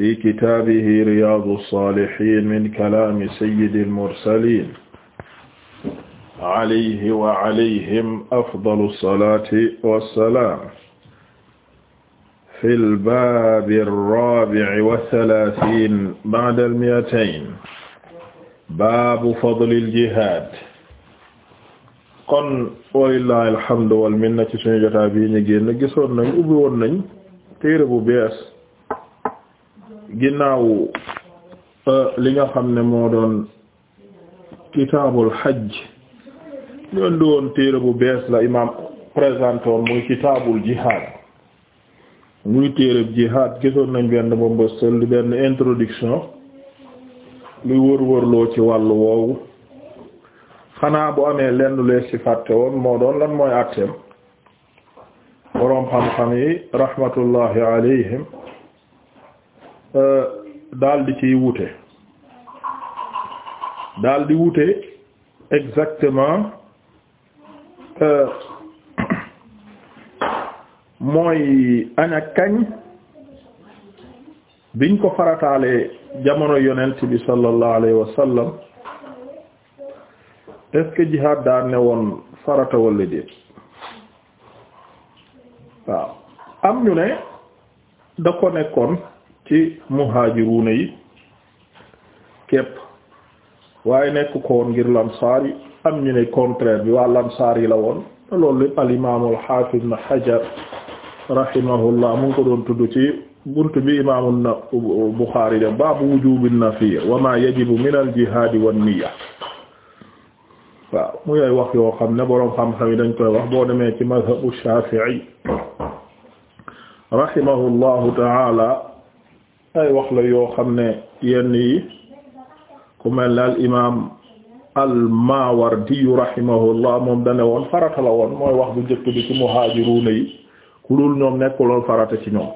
fi kitaabihi riyaadu saalihiin min kalaami sayyidil mursaliin alayhi wa alayhim afdalu salaati wa salaam fil baabi raabi'i wa salaasiin ba'dal mi'atayn baabu fadlil jihaad kon walillaahil hamdu wal minna ci sunu jotaay bi ñu génn gisoon nañ ubbi woon nañ téere bu bees ginnaaw euh, li nga xam ne moo doon kitaabul hajj ñoon di woon téere bu bees la imaam présenté woon muy kitaabul jihad muy téere jihad gisoon nañ benn bombastel di benn introduction luy wër-wërloo ci wàll woowu xanaa bu amee lenn lees ci fàtte woon moo doon lan mooy àtteem boroom xam-xam yi rahmatullahi alayhim Euh, daldi di ciy wute daal di wute exactement euh, mooy ana kañ biñ ko farataalee jamono yonent bi sallallahu alayhi wa sallam est-ce ne woon farata walla déet waaw am ñu ne da ko nekkoon ci muhaajiruuna yi képp waaye nekk ko woon ngir lamsaar yi am ñu ne contraire bi waa lamsaar yi la woon te loolu lépp al imaam al xaafid na xajar rahimahullah mu ngi ko doon tudd ci buntu bi imaam na Buxaari de baabu wujuubin nafiir wa maa yajibu min al jihaadi wan niyya waaw mu yooy wax yoo xam ne boroom xam-xam yi dañ koy wax boo demee ci madhabu Shaafi'i ta'ala ay wax la yoo xam ne yenn yi ku mel ne al imaam al Maawardi rahimahullah moom dane woon farata la woon mooy wax bu njëkk bi ci muhaajiruuna yi ku dul ñoom nekkuloon farata ci ñoom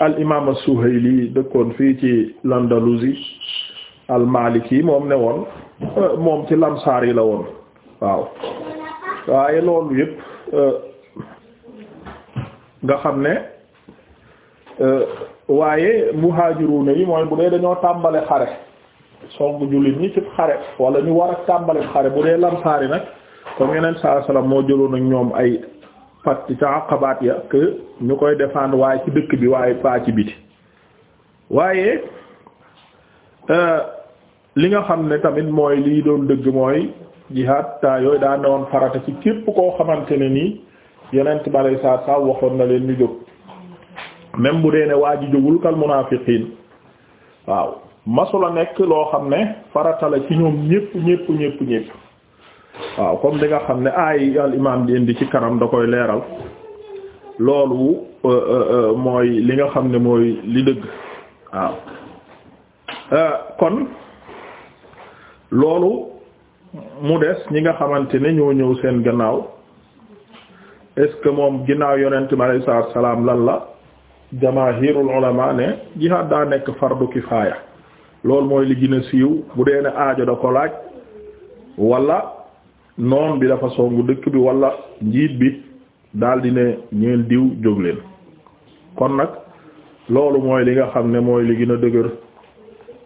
al imaam as-Suhayli dëkkoon fii ci l'Andalousie al Maliki moom ne woon moom ci lamsaar yi la woon waaw waaye loolu yépp euh, nga xam ne euh, waaye muhajiruna yi mooy bu dee dañoo tàmbale xare song jullit ñi ci xare wala ñu war a tàmbale xare bu dee lamsaari nag comme yeneen saa salaam moo jëloon ak ñoom ay pàcc ca Aqabaat ya que ñu koy défendre waaye ci dëkk bi waaye pas ci biti waaye euh, li nga xam ne tamit mooy lii doon dëgg mooy jihaad taa yooyu daa newoon farata ci képp koo xamante ne nii yeneen tubaab yi saa saa waxoon na leen ñu jóg. même bu dee ne waa ji jógul kal munaafiqiin waaw masula nekk loo xam ne faratala ci ñoom ñépp ñépp ñépp waaw comme li nga xam ne ay al imaam di indi ci kanam da koy leeral loolu euh, euh, euh, mooy li nga xam ne mooy li dëgg waaw kon loolu mu des ñi nga xamante ne ñoo ñëw seen gannaaw est-ce que moom ginnaaw yonent bi alayhi salaam lan la jamaahirul ulama ne jihaad daa nekk fardu kifaaya loolu mooy li gën a siiw bu dee ne aajo da ko laaj wala noon bi dafa songu dëkk bi walla njiit bi daldi ne ñeen diw jóg kon nag loolu mooy li nga xam ne mooy li gën a dëgër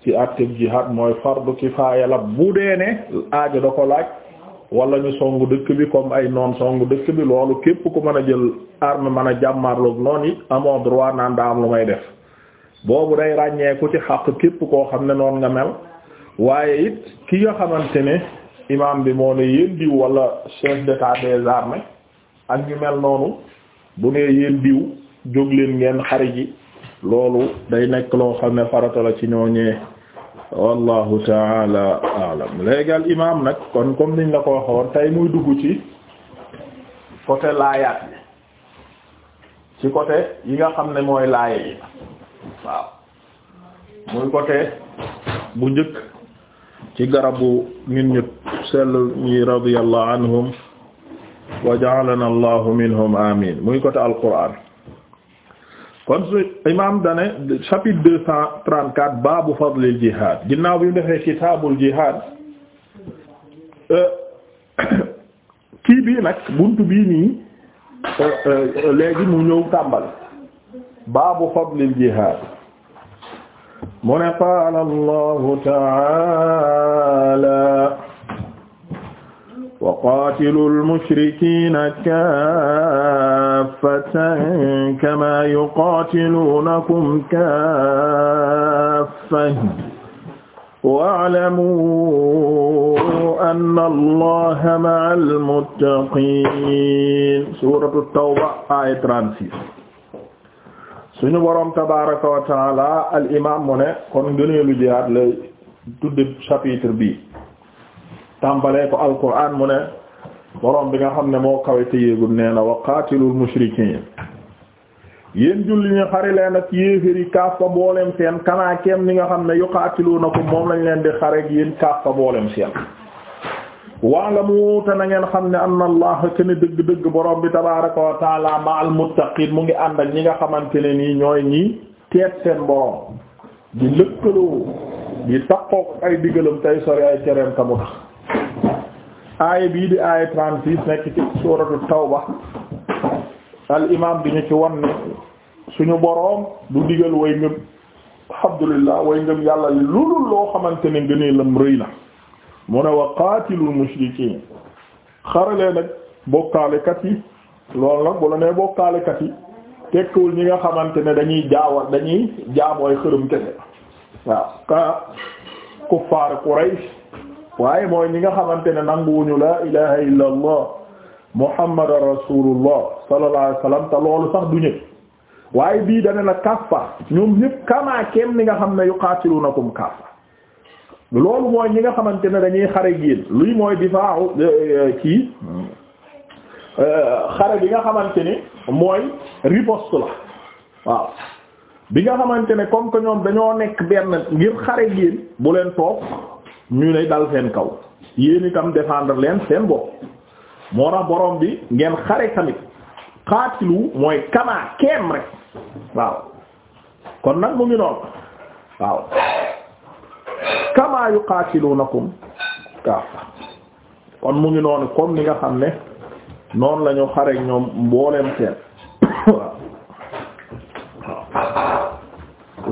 ci àtteb jihaad mooy fardu kifaaya la bu dee ne aajo da ko laaj wala ñu songu dëkk bi comme ay noon songu dëkk bi loolu képp ku mën a jël arme mën a jàmmarloog noon it amoo droit naan am lu may def boobu day ràññeeku ci xàq képp koo xam ne noon nga mel waaye it ki nga xamante ne imam bi moo ne yéen diw wala chef d'état des armées ak ñu mel noonu bu nee yéen diw jóg leen ngeen xari ji loolu day nekk loo xam ne farata la ci ñooñee wallahu taala alam léegi al imam nag kon comme niñ la ko waxoon tey muy dugg ci côté laayaat bi ci côté yi nga xam ne mooy laaya yi waaw muy côté bu njëkk ci garabu ñun ñu sell ñi radiyallahu anhum wa ja'alana minhum amin muy côté alquran kon su imam dane chapitre deux cent trente-quatre baabu fadlil jihad ginnaaw bi mu defee kitaabul jihad euh, kii bii nag buntu bii nii euh, euh, léegi mu ñëw tàmbal baabu fadlil jihad mu ne qaala allahu taala wa qaatilul mushrikiina kaaffatan kamaa yuqaatiluunakum kaaffatan wa'lamuu anna Allaaha ma'al muttaqiin. suuratu tawba aaya 36. suñu boroom tabaaraka wa ta'aala al imaam mu ne kon gëneelu jihaad lay tudde chapitre bi. tàmbalee ko alquran mu ne borom bi nga xam ne moo kawe te yéegul nee na wa qaatilul mushrikiin yéen julli ñu xare leen ak yéeféri kaffa boolem seen kanaa ni nga xam ne yuqaatiluunakum moom lañ leen di xare ak yéen kaffa boolem seen wa'lamu te na ngeen xam ne anna allah ken dëgg-dëgg borom bi tabaaraka wa taala ma'al muttaqiin mu ngi ànd ak ñi nga xamante ne nii ñooy ñi teet seen borom di lëkkaloo di takkook ay digalam tay sori ay tereem aaya bii di aaya trente nekk ci suuratu tawba al imaam bi ñu ci wan ne suñu boroom du digal way ngëm alhamdulillah way ngëm yàlla li lulul loo xamante ne ngëneelam rëy na mu ne wa qaatilul mushrikiin xaralee nag bokkaalekat yi lool nag bu la nee bokkaalekat yi tekkiwul ñi nga xamante ne dañuy jaawal dañuy jaamooy xërëm kese waaw kuffaar Quraysh waaye mooy ñi nga xamante ne nanguwuñu laa ilaha illa allah muhammad rasulullah sallallahu alayhi wasallam te loolu sax du ñëpp waaye bii dana na kaffa ñoom ñëpp kamaa kenn ni nga xam ne yuqatilunakum kaffa loolu mooy ñi nga xamante ne dañuy xare génn luy mooy difaa'u euh, euh, kii euh, xare bi nga xamante ni mooy riposte la waaw bi nga xamante ne comme que ñoom dañoo nekk benn ngir xare génn bu leen toog ñu ne dal seen kaw yéen itam défendre leen seen bopp moo tax borom bi ngeen xare tamit xaatilu mooy kamaa keem rek waaw kon nag mu ngi noonu waaw kamaa yuqaatilunakum kaafa kon mu ngi noonu comme ni nga xam ne noonu lañu xare ñoom mbooleem seen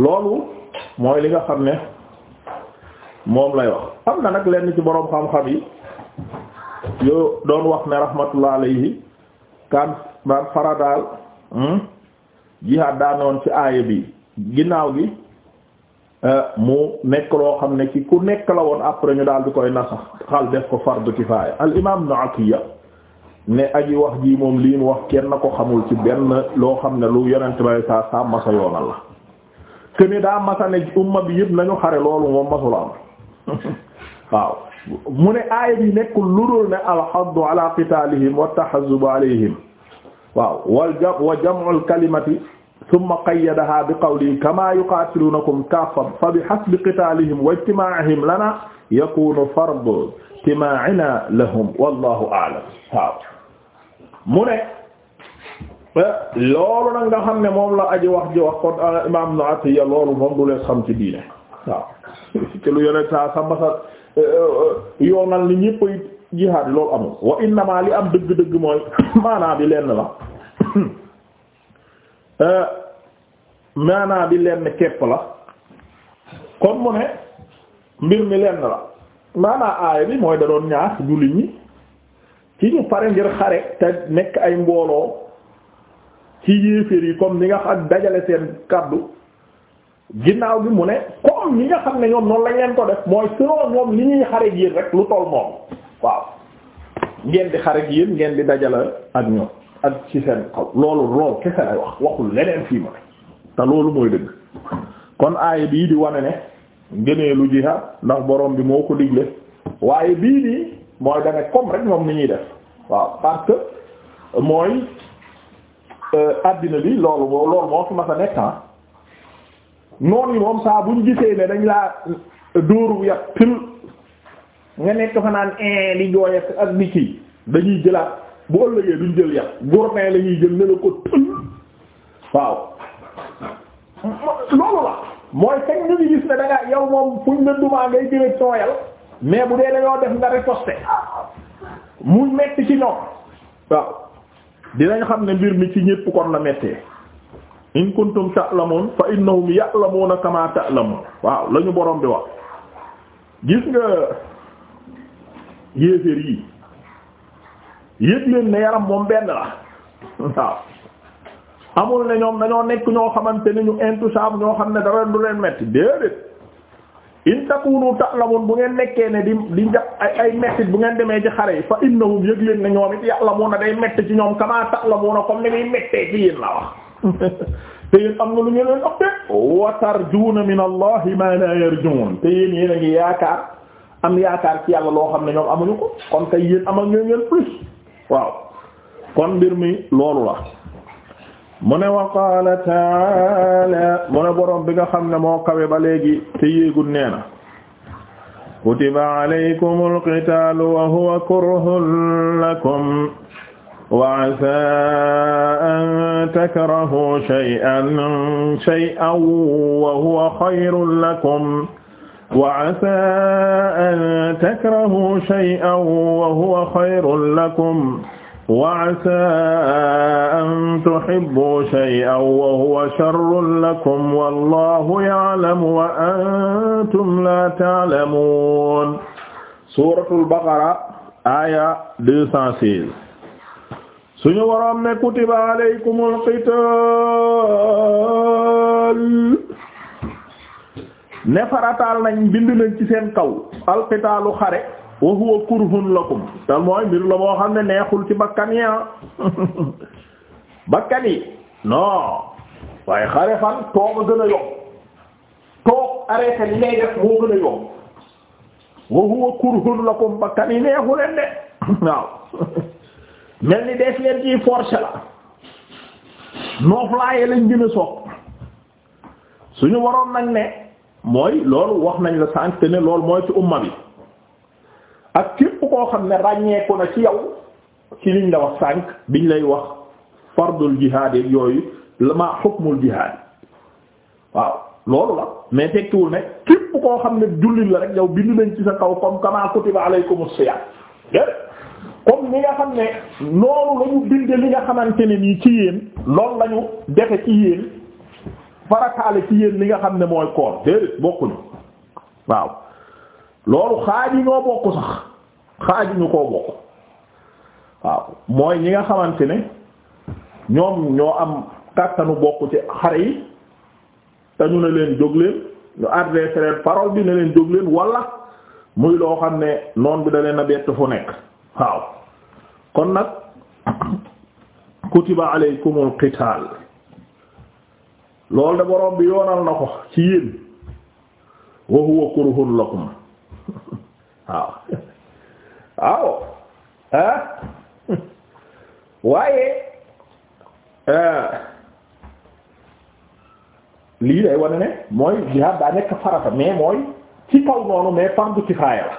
loolu mooy li nga xam ne moom lay wax am na nag lenn ci boroom xam-xam yi yoo doon wax ne rahmatullah alayhi kan man faradaal hmm? jihaad daanoon ci aaya bi ginnaaw gi eh, mu nekk loo xam ne ci ku nekk la woon après ñu daal di koy nasax xal def ko fardu kifaaya al imaam ibn Atiyya ne aji wax ji moom lii mu wax kenn ko xamul ci benn loo xam ne lu yonent bay saa saa masa yoonal la këni daa masa ne umma bi yëpp nañu xare loolu moom masula am waaw mu ne aaya bi nekkul lu dul ne alxaddu ala qitaalihim wa taxazubu alayhim waaw wal ja wa jam'ul kalimati thumma qayyadaha bi qawlihi kama yuqatilunakum kaffan fa bi hasbi qitaalihim wa ijtimaa'ihim lana yakunu fardu ijtimaa'ina lahum wallahu a'lam waaw mu ne eh, loolu nag nga xam ne moom la aji wax ji wax kon ah, imaam Nawawi loolu moom du lees xam ci diine waaw te lu yonent saa sa masa eh, eh, eh, yoonal ni ñëpp ay jihaad loolu amul wa innamaa li am dëgg-dëgg mooy maanaa bi lenn la maanaa bi lenn képp la kon mu ne mbir mi lenn la maanaa aaya bi mooy da doon ñaax jullit ñi ci ñu pare ngir xare te nekk ay mbooloo ci yéeféer yi comme ni nga xam ak dajale seen kàddu ginnaaw bi mu ne comme ñi nga xam ne ñoom noonu lañ leen ko def mooy selon ñoom li ñuy xare yéen rek lu toll moom waaw ngeen di xare yéen ngeen bi dajala ak ñoom ak ci seen kaw loolu loolu kese lay wax waxul leneen fii ma te loolu mooy dëgg kon aaya bii di wane ne ngënee lu jihaad ndax borom bi moo ko digle waaye bii nii mooy dana comme rek ñoom ni ñuy def waaw parce que mooy àddina euh, bi loolu loolu moo fi mas a ah. noon yi moom saa buñ gisee ne dañ laa dóoru yat pil nga nekk fa naan li eh, jooy ak ni kii dañuy jëlaat bu ëllëgee duñ jël yat gourmet la ñuy jël ne la ko tël waaw loolu la mooy fekk ñu gis ne da nga yow moom fuñ la dumaa ngay jëlee tooyal mais bu dee dañoo def nga riposte mu mett ci ñoom waaw dinañ xam ne mbir mi ci ñépp kon la mettee in kuntum ta'lamun fa innahum ya'lamuna kama ta'lamun waaw lañu borom bi wax gis nga yéeféer yi yëg leen ne yaram moom benn la waaw amul ne ñoom dañoo nekk ñoo xamante ne ñu intouchable ñoo xam ne dara du leen metti déedéet in takunu ta'lamun bu ngeen nekkee ne di di njàpp ay ay mettit bu ngeen demee ci xare yi fa innahum yëg leen ne ñoom it ya'lamuna day metti ci ñoom kama ta'lamuna comme ni muy mettee ci yéen la wax te am na lu ngeen leen wax de wa tarjuuna min allah ma la yarjuun te yéen yéen yaakaar am yaakaar ci yàlla loo xam ne ñoom amuñu ko kon kay yéen amal ngeen ngeen plus waaw kon mbir mi loolu la mu wa qaala taala mu ne boroom bi nga xam ne moo kawe ba léegi te yéegul nee na wa huwa kurhun lakum wa asaa an takrahu shay'an shay'an wa huwa khayrun lakum wa asaa an takrahu shay'an wa huwa khayrun lakum wa asaa an tuhibbu shay'an wa huwa sharrun lakum wallahu ya'lamu wa antum la ta'lamun suuratul baqara aaya 216 suñu waroon ne kutiba alaykumul qital ne farataal nañ bind nañ ci seen kaw alqitaalu xare wa huwa kurhun lakum te mooy la moo xam ne neexul ci bakkan yi ah. bakkan yi non waaye xare fan toog a gën a yomb toog arrêté li ngay def moo gën a yomb wa kurhun lakum bakkan yi neexu leen waaw mel ni dees leen ciy forcé la nooflaaye lañ gën a sopp suñu waroon nag ne mooy loolu wax nañ la sànq te ne loolu mooy ci umma bi ak képp koo xam ne ràññeeku na ci yow ci liñ la wax sànq biñ lay wax fardul jihaad yi yooyu lama hukmul jihaad waaw loolu la mais tekkiwul ne képp koo xam ne jullit la rek yow bind nañ ci sa kaw comme kama kutiba alaykumus siyaam comme nga xam ne noonu la ñu binde li nga xamante ne nii ci yéen loolu la ñu defe ci yéen farataale ci yéen li nga xam ne mooy koor déedéet bokkuñu waaw loolu xaaj yi ñoo bokk sax xaaj yi ñu koo bokk waaw mooy ñi nga xamante ne ñoom ñoo am kàttanu bokk ci xare yi dañu ñu leen jóg leen ñu adressé leen parole bi ne leen jóg leen wala muy loo xam ne noon bi da na a bett fu nekk waaw kon nag kutiba alaykumul qitaal loolu de borom yoonal na ko ci yéen wa huwa kurhun lakum waaw waaw ah eh, lii day wane ne mooy jihaad daa nekk farata mais mooy ci kaw noonu mais fardu kifaaya la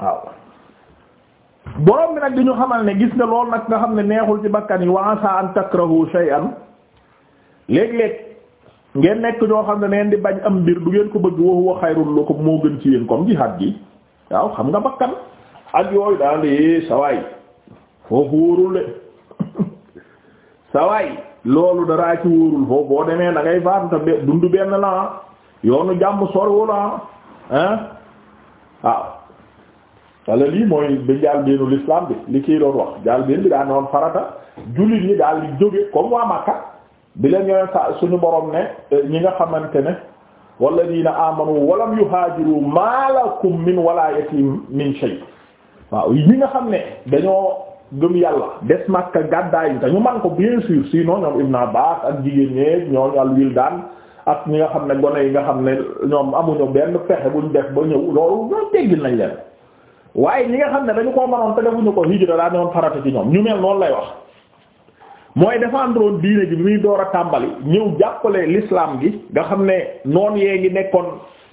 waaw borom bi nag di ñu xamal ne gis nga lool nag nga xam ne neexul ci bakkan yi wa asa an takrahu shay'an léeg-léeg ngeen nekk ñoo xam ne neen di bañ am mbir du ngeen ko bëgg wa huwa xayrul lakum moo gën ci yéen comme jihad gi waaw xam nga bakkan ak yooyu daal di sawaay foofu wóorul de sawaay loolu daraa ci wóorul foofu boo demee da ngay faatuta dundu benn la yoonu jàmm sorwu la ah, waaw wala lii mooy ba jaal beenu l'islam bi li kii doon wax jaal been bi daan ne woon farata jullit ñi daal di jóge comme waa Makka bi leen yoneen sa suñu borom ne eh, ñi nga xamante ne walladina amanu walam yuhaajiru malakum min walayatim min shay waaw ñi nga xam ne dañoo gëm yàlla des Makka gàddaay yi te ñu ko bien sûr sinon ñoom Ibn Abbas ak jigéen ñee ñoo al wildaan ak ñi nga xam ne gone yi nga xam ne ñoom amuñu benn pexe buñ def ba ñëw loolu ñoo nañ leen waaye ñi nga xam ne dañu koo mënoon te defuñu ko hijra daa doon farata ci ñoom ñu mel noonu lay wax mooy défendroon diine gi bi muy door a tàmbali ñëw jàppale lislaam gi nga xam ne noon yee ngi nekkoon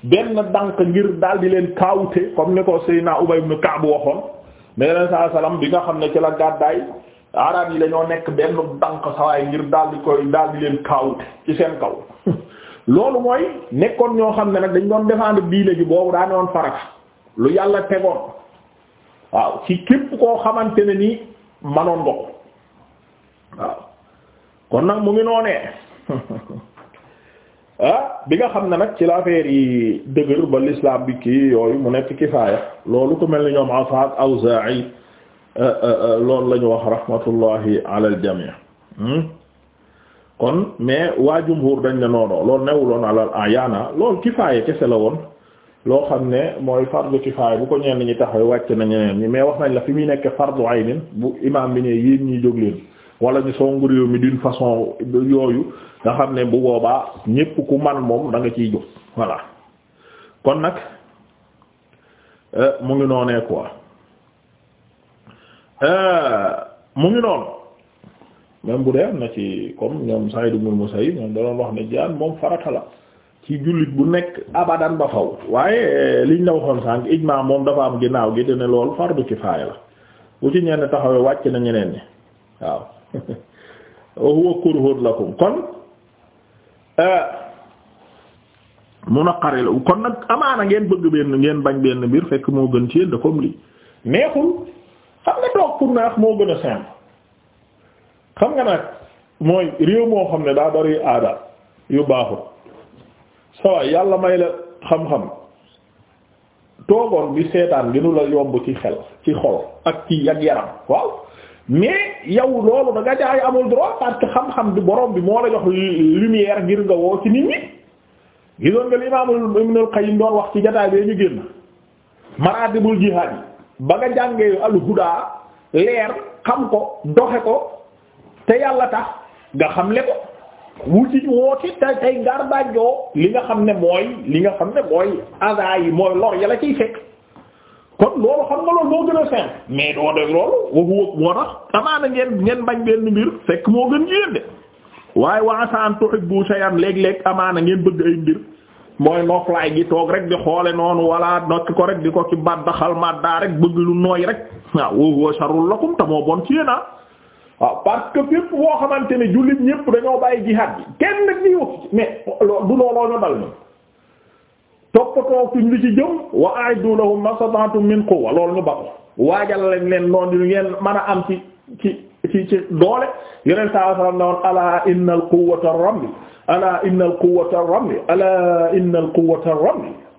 benn dànk ngir daal di leen kaawute comme ni ko Seydina Ubay ibn Ka'b waxoon mais yeneen salaam bi nga xam ne ci la gàddaay arab yi dañoo nekk benn dànk sawaay ngir daal di koy daal di leen kaawute ci seen kaw loolu mooy nekkoon ñoo xam ne nag dañ doon défendre diine gi boobu daa ne lu yàlla tegoon. waaw ci képp koo xamante ne nii manoon nga ko waaw kon nag mu ngi noonee ah bi nga xam ne nag ci la affaire yi dëgër ba l'islam bi kii yooyu mu nekk kifaaya loolu ku mel ni ñoom Asaad Awzaa'i euh, euh, euh, loolu la ñu wax rahmatullahi ala al jamii hmm? kon mais waa jumhur dañ ne noonu loolu newuloon alal ayaana loolu kifaaya kese la woon. loo xam ne mooy fardu kifaaya bu ko ñenn ñi taxawee wàcc na ñeneen ñi mais wax nañ la fi muy nekk fardu aynin bu imaam bi ne yéen ñi jóg leen wala ñu songu réew mi façon yooyu nga xam ne bu boobaa ñépp ku man moom danga nga ciy jóg voilà kon nag euh, mu ngi noonee quoi euh, mu ngi noonu même bu dee am na ci comme ñoom Saïd ibn Musayyib ñoom da doon wax ne jaan moom farata la. ci jullit bu nekk abadan ba faw waaye eh, liñ la waxoon sànq ijmaa moom dafa am ginnaaw gi te ne loolu fardu kifaaya la bu ci ñenn taxawee wàcc na ñeneen ñi waaw kon eh, mun a xari la kon nag amaana ngeen bëgg benn ngeen bañ benn mbir fekk moo gën ci yéen comme lii neexul xam nga toog pour naax moo gën a simple xam nga nag mooy réew moo xam ne daa bari aada yu baaxul sawaay yàlla may la xam-xam toogoon bi seetaan gënu yomb ci xel ci xol ak ci ak yaram waaw mais yow loolu da jaay amul droit parce xam-xam bi borom bi moo la jox lumière ngir nga woo ci nit ñi gisoon nga li Imaam Ibn al-Qayyim doon wax ci jotaay bee ñu génn maratibul jihaad yi ba nga jàngee al leer xam ko doxe ko te yàlla tax nga xamle ko wu ci wooti tay tay ngar bàjjoo li nga xam ne mooy li nga xam ne mooy adaa yi mooy lor ya la ciy fekk kon loolu xam nga loolu moo gën a seen mais doo def loolu waxu moo tax amaana ngeen bañ benn mbir fekk moo gën yéen de waaye wa asa an tuhibbu shay'an léeg-léeg amaana ngeen bëgg ay mbir mooy noflaay gi toog rek di xoole noonu walla nokki ko rek di ko ci baddaxal mat daa rek bëgg lu nooy rek waaw wa huwa sharrul lakum te moo bon ci yéen ah. waaw parce que fépp boo xamante ni jullit ñépp dañoo bàyyi jihaad bi kenn nag ñuy wax mais loolu du looloo ñu dal ñu toppatoo tuñ li ci jëm wa a'iddu lahum mastata'tum min quwwa loolu ñu ba waajal lañ leen noonu ñu ngeen mën a am ci ci ci ci doole yeneen saa sallam ne woon ala innal quwwata ar-ramli ala innal quwwata ar-ramli ala innal quwwata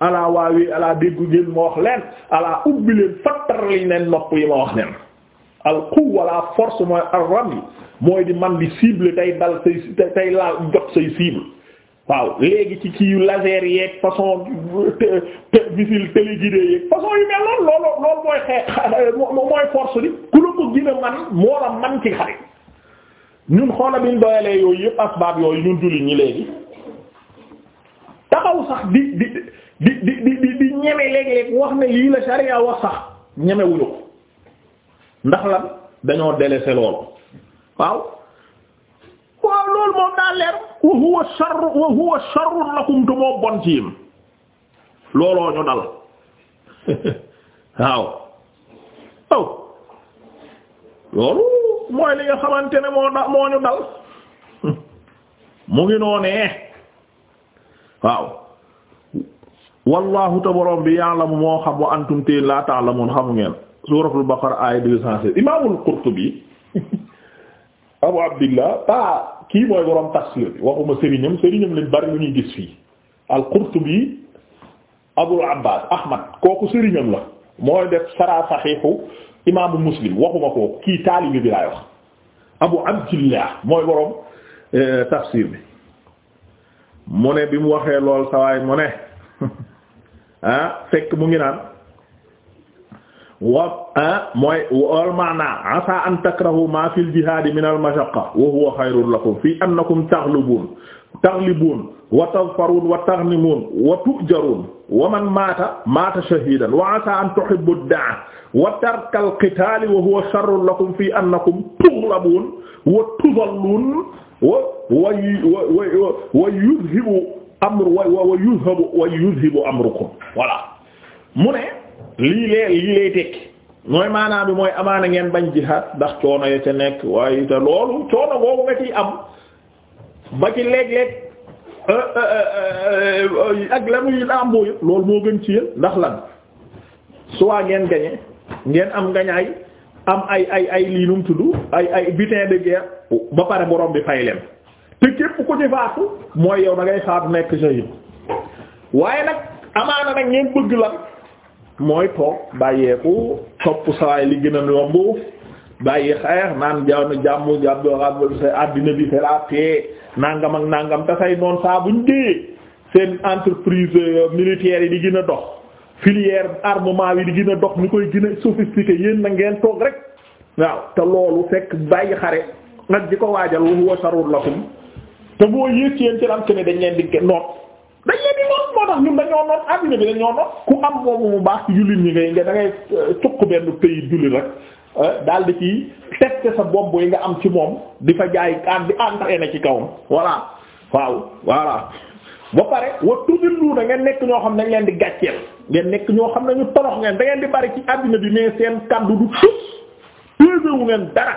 ar waawi ala déggu ngeen ma wax leen ala ubbi leen fattar liñ leen nopp yi ma wax leen al quwwa la force mooy ar-ramy mooy di man di cible tey dal say tey laal jot say cible waaw léegi ci kii laser yeeg façon missile téléguidé yeeg façon yu mel noonu loolu mooy xeex mooy force bi ku la ko moo la man ci xarit ñun xoola biñ doyalee yooyu yëpp asbaab yooyu ñun jullit ñi léegi taxaw sax di di di di di di ñeme léeg-léeg wax ne lii la sharia wax sax ñemewuñu ko ndax lan dañoo délaissé loolu waaw waaw loolu moom daa leer wa huwa sharru wa huwa sharrun lakum te moo bon ci yim looloo ñu dal waaw loolu mooy li nga xamante ne moo da moo ñu dal mu ngi noonee waaw wallahu te bi ya'lamu moo xam wa antum te la ta'lamun xamu ngeen suuratul baqara aaya deux cent seize imaamul qurtubi abu abdillah pa kii mooy borom tafsir bi waxuma sëriñam sëriñam lañ bari lu ñuy gis fii al qurtubi abul abbas ahmad kooku sëriñam la mooy def sara saxiixu imaamu muslim waxuma kooku kii taalibi bi laay wax abu abdillah mooy borom eh, tafsir bi mu ne bi mu waxee lool sawaay mu ne ah, fekk mu ngi naan wa ah, mooy wal maana asa an takrahu ma fil jihadi min al mashaqqa wa huwa xayrun lakum fi annakum taxlubun taxlibun wa tadfarun wa taghnimun wa tujarun wa man maata maata shahidan wa asa an tuhibbu ad-da'a wa tarka al-qitaali wa huwa sharrun lakum fi annakum tughlabun wa tudallun wa wa wa yuzhibu amru wa yuzhibu wa yuzhibu amrukum voilà mu ne lii lee lii lay tekki mooy maanaam bi mooy amaana ngeen bañ jihaad ndax coono ya ca nekk waaye te loolu coono boobu nga ciy am ba ci léeg-léeg euh, euh, euh, ak la muy làmboo yëpp moo gën ci yéen ndax lan soit ngeen gañe ngeen am ngañaay am ay ay ay lii num ay ay butin de guerre ba pare borom bi fay leen te képp ku ci faatu mooy yow da faatu nekk sa yëpp waaye nag amaana nag ngeen bëgg lan mooy toog bàyyeeku topp sawaay li gën a yomb bàyyi xeex naan jaaw na jàmm jàpp yoo sa àddina bi c'est la paix nangam ak nangam te noon noonu saa buñ téye seen entreprise euh, militaire yi di gën a dox filière armement yi di gën a dox ñu koy gën a sophistiqué yéen na ngeen toog rek waaw te loolu fekk bàyyi xare nag di ko waajal wa huwa sharrun lakum te boo yéeg ci yéen ci lam ne dañ leen di noot dañ leen di noot moo tax ñun dañoo noot adduna bi dañoo noot ku am moomu mu baax ci jullit ñi ngay nga da ngay euh, cuq benn pays jullit rek euh, daal di ci sa bomb yi nga am ci moom di fa jaay an di na ci kaw voilà waaw voilà ba pare wa tudillu da ngeen nekk ñoo xam ne dañ leen di gàcceel ngeen nekk ñoo xam ne ñu torox ngeen da ngeen di bari ci adduna bi mais seen kàddu du tus pesé ngeen dara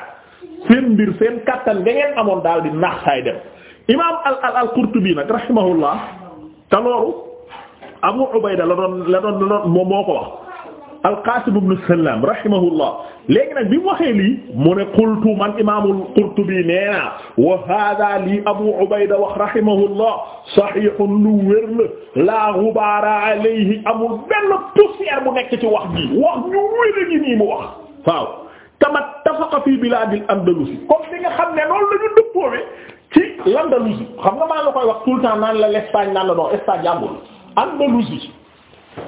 seen mbir seen kàttan da ngeen amoon daal di nax saay dem imam al al al Qurtubi nag rahimahullah te loolu Abu Ubayda la doon la doon la doon moom moo ko wax al-Qasim ibn Sallam rahimahullah léegi nag bi mu waxee lii mu ne qultu man imaamul Qurtubi nee naa wa haadaa lii Abu Ubayda wax rahimahullah sahihun lu wér la laa ghubaara alayhi amul benn poussière bu nekk ci wax ji wax ñu wér gi nii mu wax waaw kama ittafaqa fi bilaadil Andalus comme li nga xam ne loolu la ñu dëppoo l'Andalousie xam nga maa la koy wax tout le temps naan la l'Espagne naan la non Espagne yàggul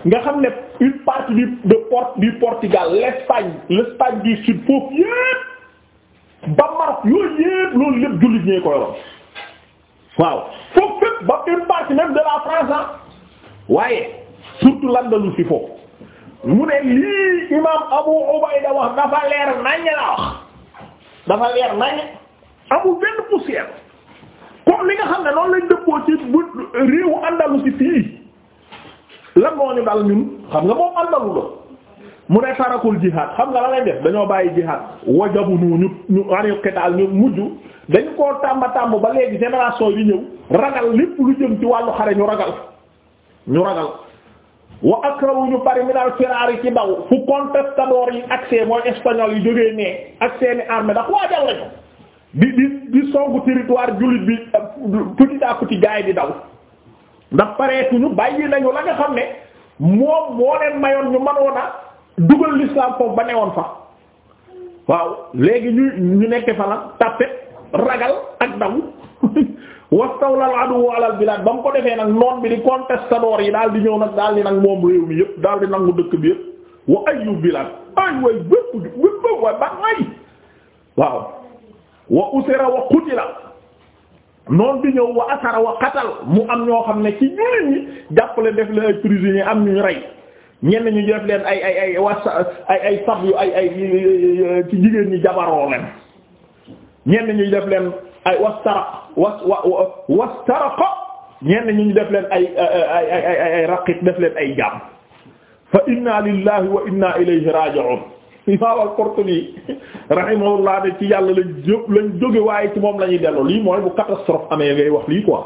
nga xam ne une partie du de port du Portugal l'Espagne l'Espagne du sud foofu yépp ba Maroc yooyu yépp loolu lépp jullit ñee koy waaw foofu fépp ba une partie même de la France ah waaye surtout l'Andalousie foofu mu ne lii imam Abu Ubayda wax dafa leer nañ la wax dafa leer nañ amul benn poussière comme li nga xam ne noonu lañ dëppoo ci bu réewu Andalusi fii lan ñu dal ñun xam nga moom andalu la mu ne tarakul jihad xam nga la lay def dañoo bàyyi jihad wajabu nu ñu ñu anil ñu mujj dañu koo tàmba tàmb ba léegi génération yi ñëw ragal lépp lu jëm ci wàllu xare ñu ragal ñu ragal wa akrawu ñu pare mi daal firaar yi ci daw fu contestador yi accès mooy espagnol yi jógee nee ak seeni armée ndax waajal lañu di di di songu territoire jullit bi euh, petit à ci gaay di daw ndax pareetuñu bàyyi nañu la nga xam ne moom moo leen mayoon ñu manoon a dugal l'islam foofu ba newoon fa waaw léegi ñu ñu nekk fa la tapet ragal ak daw wastawla al adu ala al bilad ba mu ko defee nag noon bi di contestador yi daal di ñëw nag daal di nag moom réew mi yëpp daal di nangu dëkk bi yëpp wa ayu bilad ay way bépp bépp way ba ay waaw wa usira wa qutila noon bi ñëw wa asara wa qatal mu am ñoo xam ne ci ñeneen ñi jàppale def leen ay prisonniers am ñu rey ñenn ñu def leen ay ay ay wasa ay ay sab yu ay ay ci jigéen ñi jabaroo leen ñenn ñu def leen ay wastaraq was wastaraqa ñenn ñu def leen ay ay ay ay ay raqit def leen ay jaam fa inna lillahi wa inna ilayhi raji'un imaam al-Qurtubi laa ne ci yàlla lañ jó lañ jóge waaye ci moom la ñuy delloo lii mooy bu catastrophe amee ngay wax lii quoi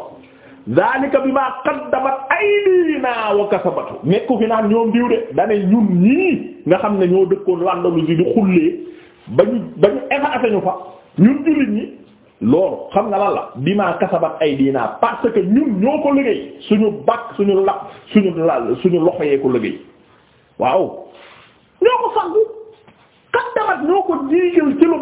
zalika bima qaddamat aydina wa kasabatu nekku fi naan ñoom diw de dane ñun ñii nga xam ne ñoo dëkkoon l'Andalousie di xullee bañu bañu effacé ñu fa ñun jullit ñi loolu xam nga lan la bima kasabat aydina parce que ñun ñoo ko liggéey suñu bakk suñu lap suñu lal suñu loxo yee ko liggéey waaw ñoo ko sangu nag ñoo ko diigal ci lu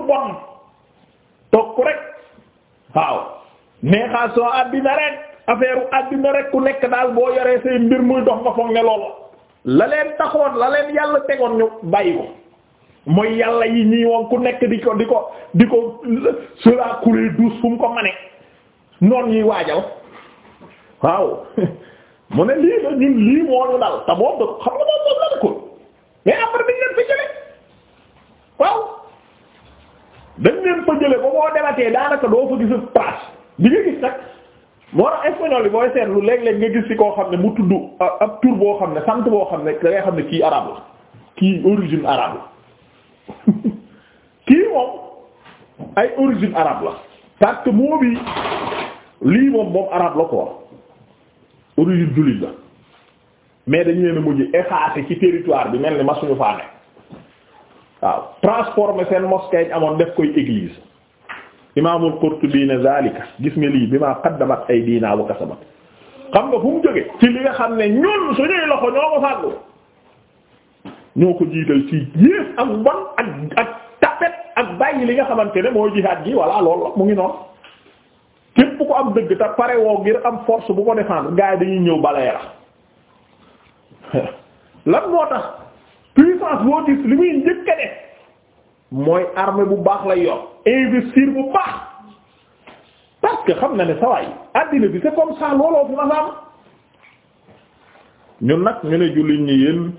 affaire àddina rek ku nekk daal boo yoree say mbir dox nga foog ne loolu yàlla tegoon ñu bàyyi ko mooy yàlla yi ñii ku nekk di ko di ko di ko cela coulé douce fu mu mane noonu ñuy waajal waaw mu ne lii la ñun lii moo ñu dal te moom xam nga moom moom la ko mais après dañ leen fi jëlee waaw dañ leen fa jële ba boo dematee daanaka doo fa gis place bi nga gis nag moo tax espagnol bi booy seetlu léeg-léeg nga gis ci koo xam ne mu tudd ab tur boo xam ne sant boo xam ne da xam ne kii arab la kii origine arabe la kii moom ay origine arabe la parce que moo bi lii moom moom arabe la quoi origine jullit la mais dañu leen a mujj effacé ci territoire bi mel ni ma suñu faane waaw transformer seen mosquée yi amoon def koy église imaamul Qurtubi ne zalika gis nga lii bi maa qaddamat ay diinaa wa xam nga fu mu jógee ci li nga xam ne ñun suñuy loxo ñoo ko fàggu ñoo ko jiital ci yées ak bon ak ak tapet ak bàyyi li nga xamante ne mooy jihaad gi voilà lool la mu ngi noonu képp ku am dëgg te pare woo ngir am force bu ko défendre gars yi ñuy ñëw bala yara lan moo tax puissance boo gis li muy njëkk a mooy armée bu baax lay yor investir bu baax parce que xam na ne sawaay àddina bi c'est comme ça looloo fi ma am ñun nag ñu ne jullit ñi yéen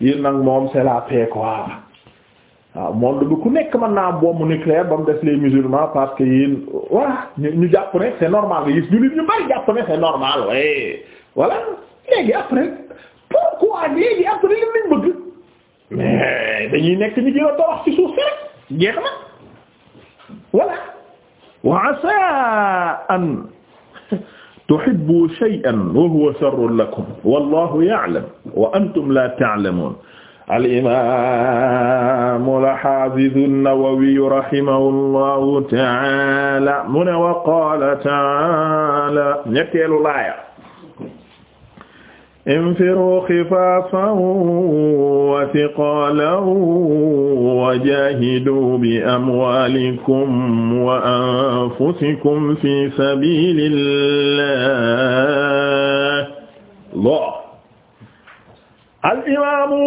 yéen nag moom c'est la paix waaw monde bi ku nekk mën naa am bombe nucléaire ba mu des lee musulmans parce que yéen voilà ñu ñu jàpp ne c'est normal nga jullit ñu bari jàpp ne c'est normal oui voilà léegi après pourquoi léegi après li ñu bëgg. mais dañuy nekk ni gën a torox ci suuf si rek jeex na voilà wa asaa an tuhibbu shay'an wa huwa sharrun lakum wallahu ya'lam wa antum la ta'lamun al-imam al-hafiz an-Nawawi rahimahullahu ta'ala mu ne wa qala ta'ala ñetteelu laaya infiru xifaafan wa siqaalan wa jaahidu bi amwaalikum wa anfusikum fi sabiilillah. al-imaamu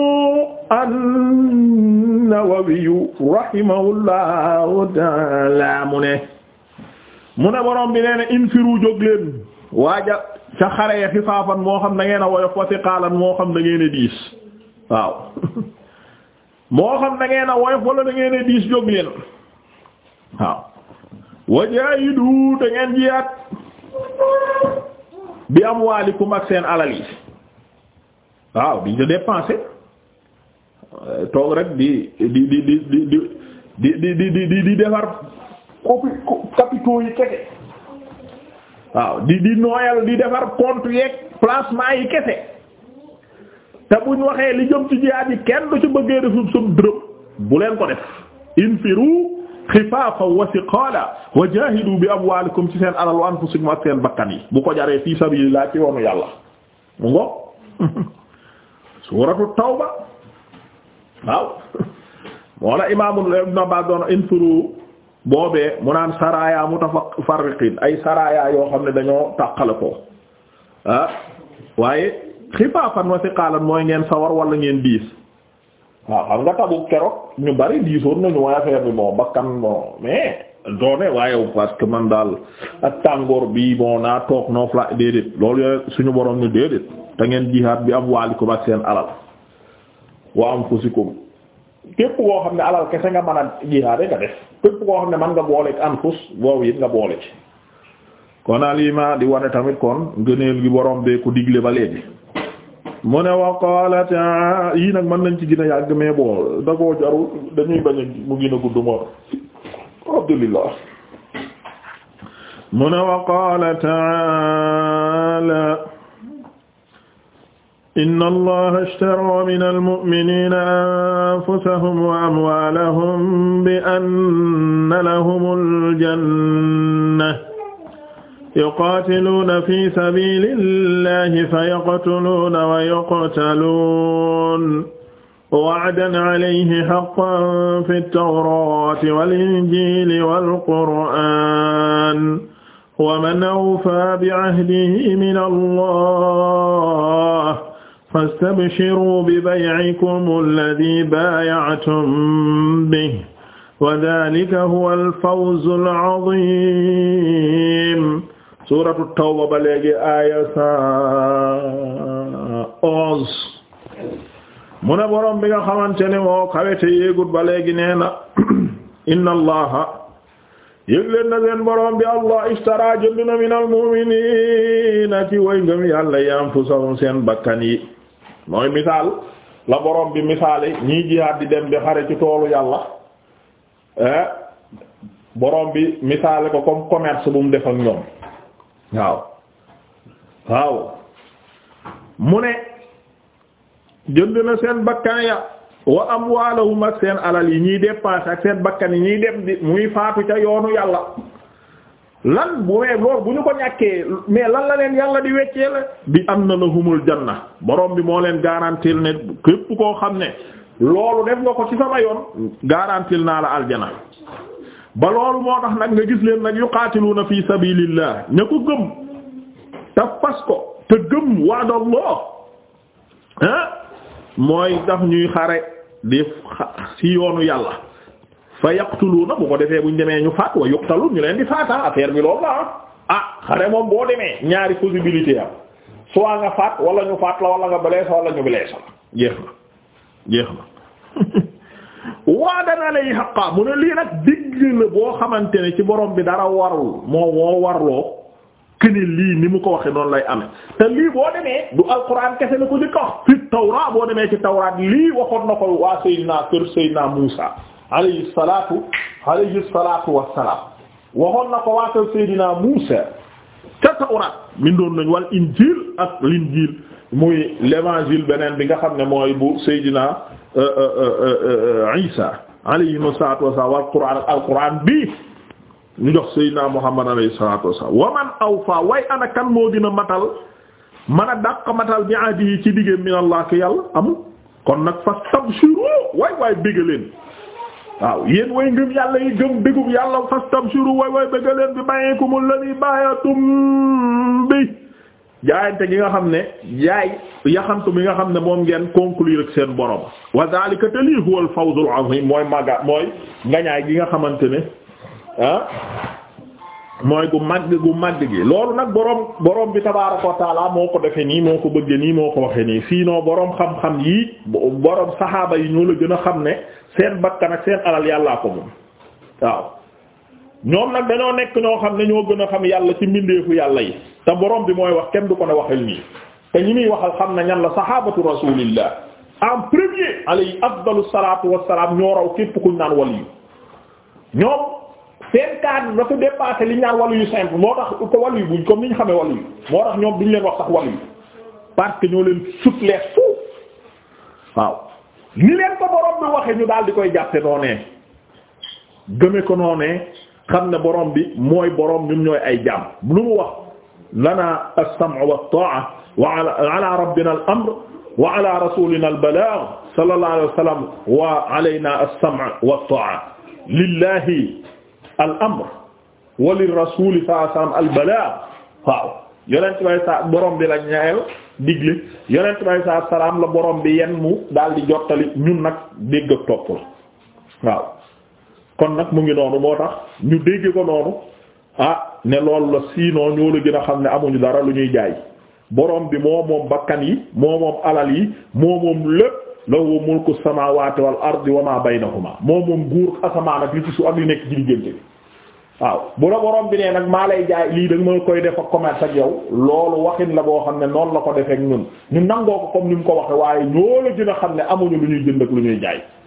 an-Nawawi rahimahullahu ta'aala mu ne mu ne borom bi nee na infiru jóg leen waaja ca xare ya xifaafan moo xam na ngeen a woyof wa siqaalan moo xam na ngeen a diis waaw moo xam na ngeen a woyof wala na a diis jóg leen waaw wajaahidu da ngeen jiyaat bi amwaalikum ak seen alal yi waaw di dépenser toog rek di di di di di di di di di di defar copi capitaux yi keke waaw di di nooyal di defar compte yeeg placement yi kese te buñ waxee li jëm ci jihaad kenn du ci bëggee defum sum dërëm bu leen ko def infiru xifaafan wa siqaala wa jaahidu bi amwaalikum ci seen alal wa anfusikum seen bakkan yi bu ko jaree fii sabilillah ci yoonu yàlla mu ngo suuratu tawba waaw moo la imaamul ibn Abbas doon infiru boobee mu naan saraya mutafarriqin ay saraya yoo xam ne dañoo tàqale ko ah waaye xifaafan wa siqaalan mooy ngeen sawar wala ngeen diis waaw xam nga tabu keroog ñu bari diisoon nañu waaye affaire bi bon bakkan bon mais doone waaye parce man daal ak tàngoor bii bon naa toog noof la déedéet loolu yooyu suñu borom ñu déedéet te ngeen jihaat bi am waalikum ak seen alal wa anfusikum képp koo xam ne alal kese nga mën a jihaade nga def képp koo xam ne man nga boole an fus boobu it nga boole kon alima di wane tamit kon ngëneel gi borom bee ko digle ba léegi mu ne wa qaala yii nag mën nañ ci gën a yàgg mais bon da koo dañuy bañ mu gën a gudd moom alhamdulillah mu ne wa qaala ta'ala inna allaha ishtaraa mina al-mu'miniina anfusahum wa amwaalahum bi anna lahumul janna yuqaatiluuna fi sabiilillaahi fayaqtuluuna wa yuqtaluun wa'dan alayhi haqqan fit-tawraati wal-injiili wal-qur'aan wa man awfaa bi'ahdihi mina allaah fastabshiruu bibay'ikum alladhii baaya'tum bihi wa dhaalika huwa al-fawzul 'adhiim suuratu tawba ba léegi aaya cent onze mu ne boroom bi nga xamante ne moo kawete yéegut ba léegi nee na inna allaha yëg leen na seen boroom bi allah istara jënd na minal mu'miniina ci way ngëm yàlla yi anfusahum seen bakkan yi mooy misaal la borom bi misaale ñii jihaad di dem di xare ci toolu yàlla eh, boroom bi misaale ko comme commerce bu mu def ak ñoom waaw waaw mu ne jënd na seen bakkan ya wa amwaalahum ak seen alal yi ñuy dépenser ak seen bakkan yi ñuy dem di muy faatu ca yoonu yàlla lan bu mee loolu bu ñu ko ñàkkee mais lan la leen yàlla di weccee la bi am na lahumul na borom bi moo leen garantil ne képp koo xam ne loolu def nga ko ci sama yoon garantil naa la aljana ba loolu moo tax nag nga gis leen nag yuqaatiluna fi sabilillah ña ko gëm te fas ko te gëm wa'dallah ah mooy tax ñuy xare di ci yoonu yàlla fa na bu ko defee buñ demee ñu faat wa talu ñu leen di faata affaire bi loolu la ah. ah xare moom boo demee ñaari possibilité am soit nga faat wala ñu faat la wala nga blessé wala ñu blessé la jeex na jeex na waadan alayhi haqqa mu ne lii nag digg la boo xamante ne ci borom bi dara warul moo woo warloo kene lii ni mu ko waxee doon lay amee te lii boo demee du alquran kese la ko jëkk wax fi tawra boo demee ci tawraat lii waxoon na ko waa Seydina alayhi salaatu alayhi salaatu wassalaam waxoon na ko waatal Seydina Muusa ca Tawraat min doon nañ wal injiil ak linjiil muy l'évangile beneen bi nga xam ne mooy bu Seydina euh, euh, euh, Isa alayhi salaatu wassalaam wal quraan ak al quraan bi ñu jox Seydina Muhammad alayhi salaatu wassalaam wa man awfaa way ana kan moo gën a matal man a dàq matal bi ahdi yi ci diggéem min Allah ki yàlla amul kon nag fastabshiru way way bëgg leen waaw yéen way ngëm yàlla yi gëm dëggub yàlla fastabshiru way way bëgg leen bi bay'ikum alladhi baayatum bi jaayante gi nga xam ne jaay yaxantu bi nga xam ne moom ngeen conclure ak seen borom wa dhalika tali huwa fawzul azim mooy maga mooy ngañaay gi nga xamante ne ah mooy gu màgg gu màgg gi loolu nag boroom borom bi tabaaraka wa moo ko defee nii moo ko bëggee nii moo ko waxee nii sinon borom xam-xam yi boroom saxaaba yi ñoo la gën a xam ne seen bakkan ak seen alal yàllaa ko moom waaw ñoom nag dañoo nekk ñoo xam ne ñoo gën a xam yàlla ci mbindeefu yàlla yi te borom bi mooy wax kenn du ko ne waxal nii te ñi muy waxal xam na ñan la saxaabatu rasuulillah en premier alayhi afdalu salaatu wassalaam ñoo raw képp kuñ naan waliyu seen cadre dafa dépassé li ñu naan yu simple moo tax ko walu yu buñ comme ni ñu xame walu yu moo tax ñoom duñ leen wax sax walu yu parce que ñoo leen souplesse foofu waaw ni leen ko borom bi waxee ñu daal di koy jàppe noonee gëme ko noonee xam ne borom bi mooy borom ñun ñooy ay jaam lu mu wax lana as-sam'u wat-ta'a wa ala rabbina al-amr wa ala al-balagh sallallahu alayhi wa sallam wa alayna as al amr walil rasuli sallallahu alayhi wasallam al balaa waaw yonent bay sa borom bi la ñaayal digle yonent bay sa salaam la borom bi yenn mu daal di jottali ñun nag dégg ak topp la waaw kon nag mu ngi noonu moo tax ñu dégg ko noonu ah ne lool la sinon ñoo la gën a xam ne amuñu dara lu ñuy jaay borom bi moo moom bakkan yi moo moom alal yi moo moom lépp lahu mulku samawati wal ardi wa ma baynahuma moom moom nguur asamaan ak li ci su ak li nekk ci diggante bi waaw bu la borom bi nee nag maa lay jaay lii da nga ma koy def ak commerce ak yow loolu waxin la boo xam ne noonu la ko defee ak ñun ñu nangoo ko comme ni mu ko waxee waaye ñoo la gën a xam ne amuñu lu ñuy jënd ak lu ñuy jaay